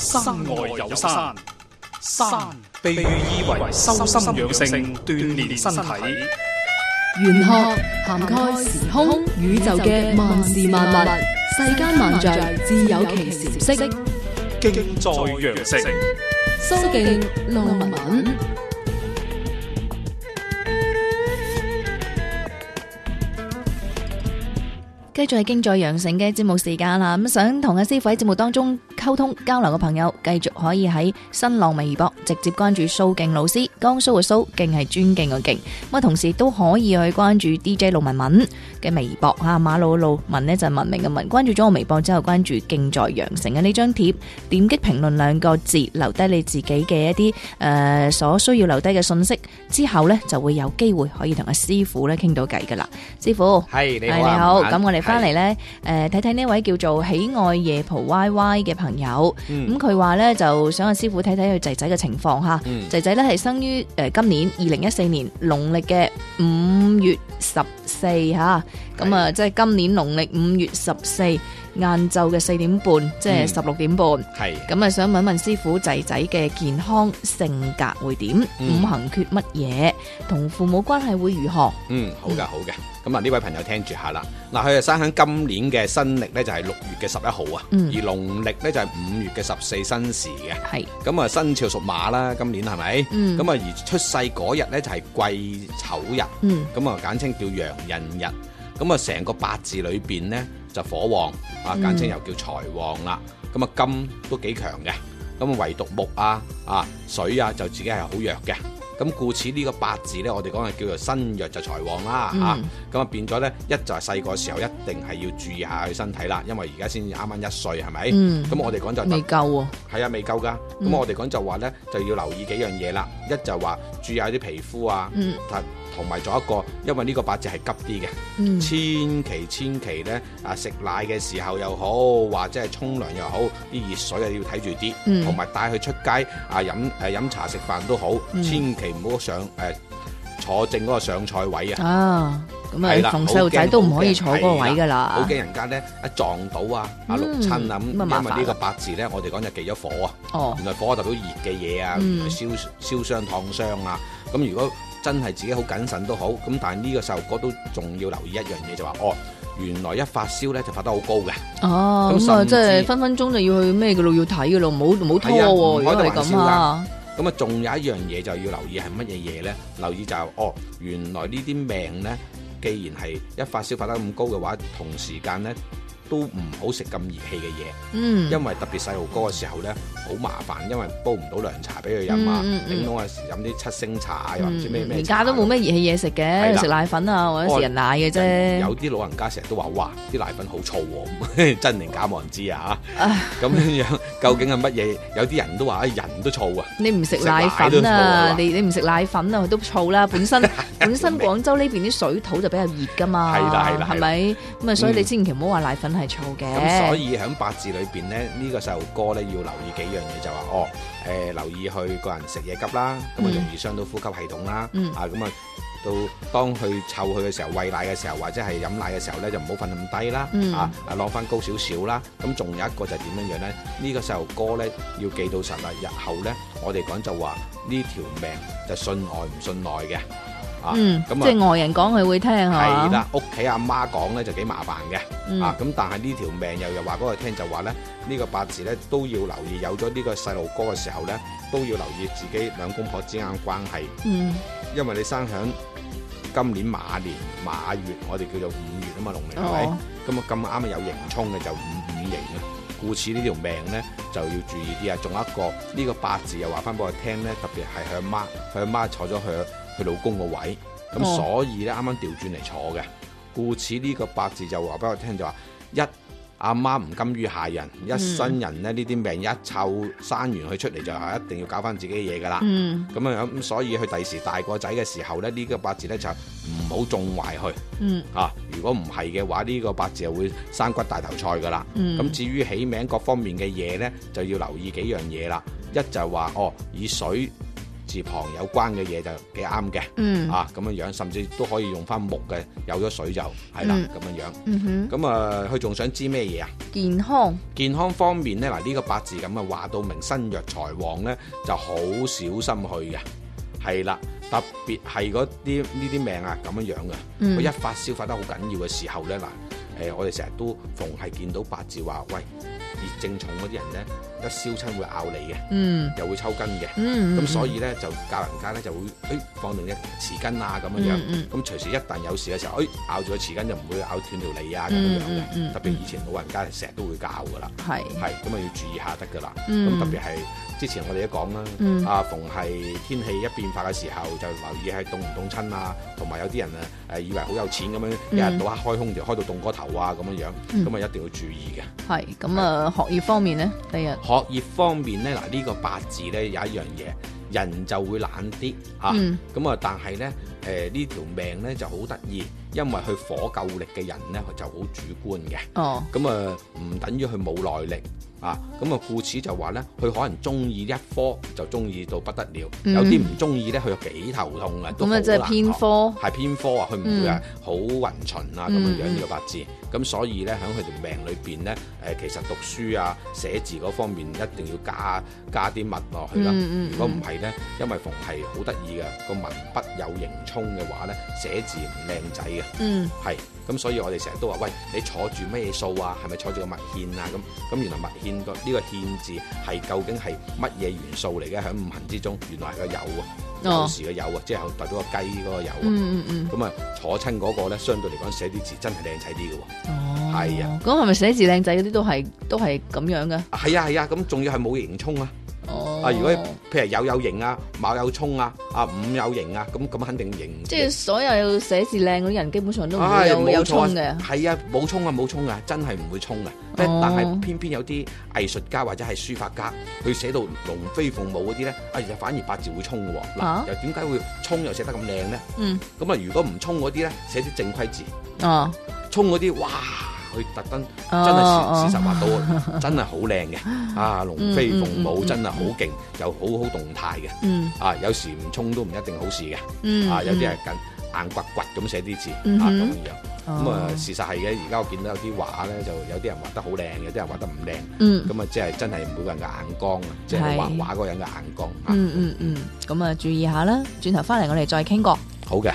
山外有山，有山,山被寓意為修心養性、鍛煉身體。玄學涵蓋時空宇宙嘅萬事萬物，世間萬象自有其時色。敬在羊城。蘇敬論文。呢就係《敬在羊城》嘅節目時間啦，咁想同阿師傅喺節目當中溝通交流嘅朋友，繼續可以喺新浪微博直接關注蘇敬老師，江蘇嘅蘇敬係尊敬嘅敬。咁啊，同時都可以去關注 DJ 路文文嘅微博吓，啊，馬路嘅路文呢就係，文明嘅文。關注咗我微博之後，關注《敬在羊城》嘅呢張貼，點擊評論兩個字，留低你自己嘅一啲誒、呃，所需要留低嘅信息之後呢，就會有機會可以同阿師傅咧傾到偈噶啦。師傅，係你好，你好，咁、哎嗯、我哋。翻嚟咧，誒，睇睇呢位叫做喜愛夜蒲 YY 嘅朋友，咁佢話咧就想阿師傅睇睇佢仔仔嘅情況嚇，仔仔咧係生於誒、呃、今年二零一四年農曆嘅五月十四嚇。咁啊，即係今年農曆五月十四晏晝嘅四點半，即係十六點半。係咁啊，想問問師傅，仔仔嘅健康性格會點？嗯、五行缺乜嘢？同父母關係會如何？嗯，好嘅，好嘅。咁啊、嗯，呢位朋友聽住下啦。嗱，佢啊生喺今年嘅新曆呢，就係、是、六月嘅十一號啊。嗯、而農曆呢，就係、是、五月嘅十四生時嘅。係。咁啊，生肖屬馬啦。今年係咪？咁啊、嗯，而出世嗰日呢，就係、是、癸丑日。咁啊、嗯，簡稱叫羊刃日。咁啊，成個八字裏邊咧就火旺，啊簡稱又叫財旺啦。咁啊金都幾強嘅，咁唯獨木啊、啊水啊就自己係好弱嘅。咁、啊、故此呢個八字咧，我哋講係叫做身弱就財旺啦嚇。咁、嗯、啊變咗咧，一就係細個時候一定係要注意下佢身體啦，因為而家先啱啱一歲係咪？咁、嗯、我哋講就未夠喎。係啊，未夠噶。咁、嗯、我哋講就話咧，就要留意幾樣嘢啦。一就話注意下啲皮膚啊。嗯同埋做一個，因為呢個八字係急啲嘅，千祈千祈咧啊食奶嘅時候又好，或者係沖涼又好，啲熱水啊要睇住啲，同埋帶佢出街啊飲誒飲茶食飯都好，千祈唔好上誒坐正嗰個上菜位啊！啊，咁啊，逢細路仔都唔可以坐嗰個位噶啦，好驚人家咧一撞到啊，嚇親啊咁，因為呢個八字咧，我哋講就忌咗火啊，原來火就係熱嘅嘢啊，燒燒傷、燙傷啊，咁如果。真係自己好謹慎都好，咁但係呢個細路哥都仲要留意一樣嘢，就話哦，原來一發燒咧就發得好高嘅。哦、啊，咁啊，即係分分鐘就要去咩嘅咯，要睇嘅咯，唔好唔好拖喎，如果係咁啊。咁啊，仲有一樣嘢就要留意係乜嘢嘢咧？留意就係、哦，原來這些呢啲命咧，既然係一發燒發得咁高嘅話，同時間咧。都唔好食咁熱氣嘅嘢，因為特別細路哥嘅時候咧，好麻煩，因為煲唔到涼茶俾佢飲啊，頂到陣時飲啲七星茶又唔知咩咩。人家都冇咩熱氣嘢食嘅，食奶粉啊或者食人奶嘅啫。有啲老人家成日都話，哇，啲奶粉好燥喎，真定假冇人知啊嚇。咁樣究竟係乜嘢？有啲人都話，人都燥啊。你唔食奶粉啊？你你唔食奶粉啊？佢都燥啦。本身本身廣州呢邊啲水土就比較熱㗎嘛。係啦係啦係咪？咁啊，所以你千祈唔好話奶粉。係嘅，咁所以喺八字裏邊咧，呢、這個細路哥咧要留意幾樣嘢，就話哦，誒、呃，留意佢個人食嘢急啦，咁啊容易傷到呼吸系統啦，啊咁、嗯、啊，到當去湊佢嘅時候，餵奶嘅時候或者係飲奶嘅時候咧，就唔好瞓咁低啦，嗯、啊，落翻高少少啦，咁仲有一個就係點樣樣咧？呢、這個細路哥咧要記到實啦，日後咧我哋講就話呢條命就信外唔信內嘅。啊、嗯，咁啊，即係外人講佢會聽係啦，屋企阿媽講咧就幾麻煩嘅。嗯、啊，咁但係呢條命又又話俾佢聽就話咧，呢個八字咧都要留意，有咗呢個細路哥嘅時候咧，都要留意自己兩公婆之間關係。嗯，因為你生響今年馬年馬月，我哋叫做五月啊嘛，農曆嚟計，咁啊咁啱啊有刑沖嘅就五五刑啊，故此呢條命咧就要注意啲啊。仲有一個呢個八字又話翻俾佢聽咧，特別係佢阿媽，佢阿媽坐咗佢佢老公個位，咁所以呢，啱啱、哦、調轉嚟坐嘅，故此呢個八字就話俾我聽，就話一阿媽唔甘於下人，嗯、一生人咧呢啲命一臭生完佢出嚟就一定要搞翻自己嘅嘢噶啦，咁、嗯、樣咁，所以佢第時大個仔嘅時候、呢個、呢，呢個八字呢就唔好種壞去，嗯、啊，如果唔係嘅話呢、呢個八字就會生骨大頭菜噶啦，咁、嗯、至於起名各方面嘅嘢呢，就要留意幾樣嘢啦，一就係話哦以水。字旁有關嘅嘢就幾啱嘅，嗯、啊咁樣樣，甚至都可以用翻木嘅，有咗水就係啦咁樣樣。咁啊、嗯哼，佢仲、呃、想知咩嘢啊？健康健康方面咧，嗱、這、呢個八字咁啊，話到明身弱財旺咧，就好小心去嘅，係啦。特別係嗰啲呢啲命啊，咁樣樣嘅，佢、嗯、一發燒發得好緊要嘅時候咧，嗱、呃，誒我哋成日都逢係見到八字話喂。熱症重嗰啲人咧，一燒親會咬脷嘅，又會抽筋嘅，咁所以咧就教人家咧就會，誒放定一匙羹啊咁樣，咁隨時一旦有事嘅時候，誒咬咗匙羹就唔會咬斷條脷啊咁樣嘅，特別以前老人家成日都會教㗎啦，係，係，咁啊要注意下得㗎啦，咁特別係之前我哋一講啦，啊逢係天氣一變化嘅時候就留意係凍唔凍親啊，同埋有啲人啊誒以為好有錢咁樣一日到黑開空調就開到凍個頭啊咁樣樣，咁啊一定要注意嘅，係，咁啊。學業方面呢，第日學業方面呢，嗱、這、呢個八字呢，有一樣嘢，人就會懶啲吓，咁、嗯、啊，但係呢，誒呢條命呢就好得意，因為佢火夠力嘅人呢佢就好主觀嘅，咁啊唔等於佢冇耐力。啊，咁啊故此就話咧，佢可能中意一科就中意到不得了，嗯、有啲唔中意咧，佢又幾頭痛啊，咁啊，即係偏科，係偏科啊，佢唔會啊，好勻循啊咁樣樣個八字。咁、嗯嗯、所以咧，喺佢條命裏面咧，其實讀書啊、寫字嗰方面一定要加加啲墨落去啦。如果唔係咧，因為逢係好得意嘅個文筆有刑沖嘅話咧，寫字唔靚仔嘅。嗯，係。咁所以我哋成日都話，喂，你坐住咩嘢數啊？係咪坐住個墨硯啊？咁咁原來墨硯。呢個欠字係究竟係乜嘢元素嚟嘅？喺五行之中，原來係個酉，啊，舊時嘅酉，啊，即係代表嗰個雞嗰個酉啊。嗯嗯嗯。咁啊，坐親嗰個咧，相對嚟講寫啲字真係靚仔啲嘅喎。哦。係啊。咁係咪寫字靚仔嗰啲都係都係咁樣嘅？係啊係啊，咁仲要係冇刑沖啊！啊！如果譬如有有型啊，冇有沖啊，啊五有型啊，咁咁肯定型，型。即係所有寫字靚嗰啲人，基本上都唔會冇有、哎啊、有沖嘅。係啊，冇沖啊，冇沖啊，真係唔會沖嘅。哦、但係偏偏有啲藝術家或者係書法家，佢寫到龍飛鳳舞嗰啲咧，啊、哎、反而八字會沖喎。嗱、啊，啊、又點解會沖又寫得咁靚咧？嗯，咁啊，如果唔沖嗰啲咧，寫啲正規字。哦，沖嗰啲哇！佢特登真係事實畫到，真係好靚嘅。啊，龍飛鳳舞真係好勁，又好好動態嘅。啊，有時唔衝都唔一定好事嘅。啊，有啲係緊硬掘掘咁寫啲字啊，咁樣咁啊，事實係嘅。而家我見到有啲畫咧，就有啲人畫得好靚，有啲人畫得唔靚。嗯，咁啊，即係真係每個人嘅眼光啊，即係畫畫嗰個人嘅眼光。嗯嗯嗯，咁啊，注意下啦。轉頭翻嚟，我哋再傾過。好嘅。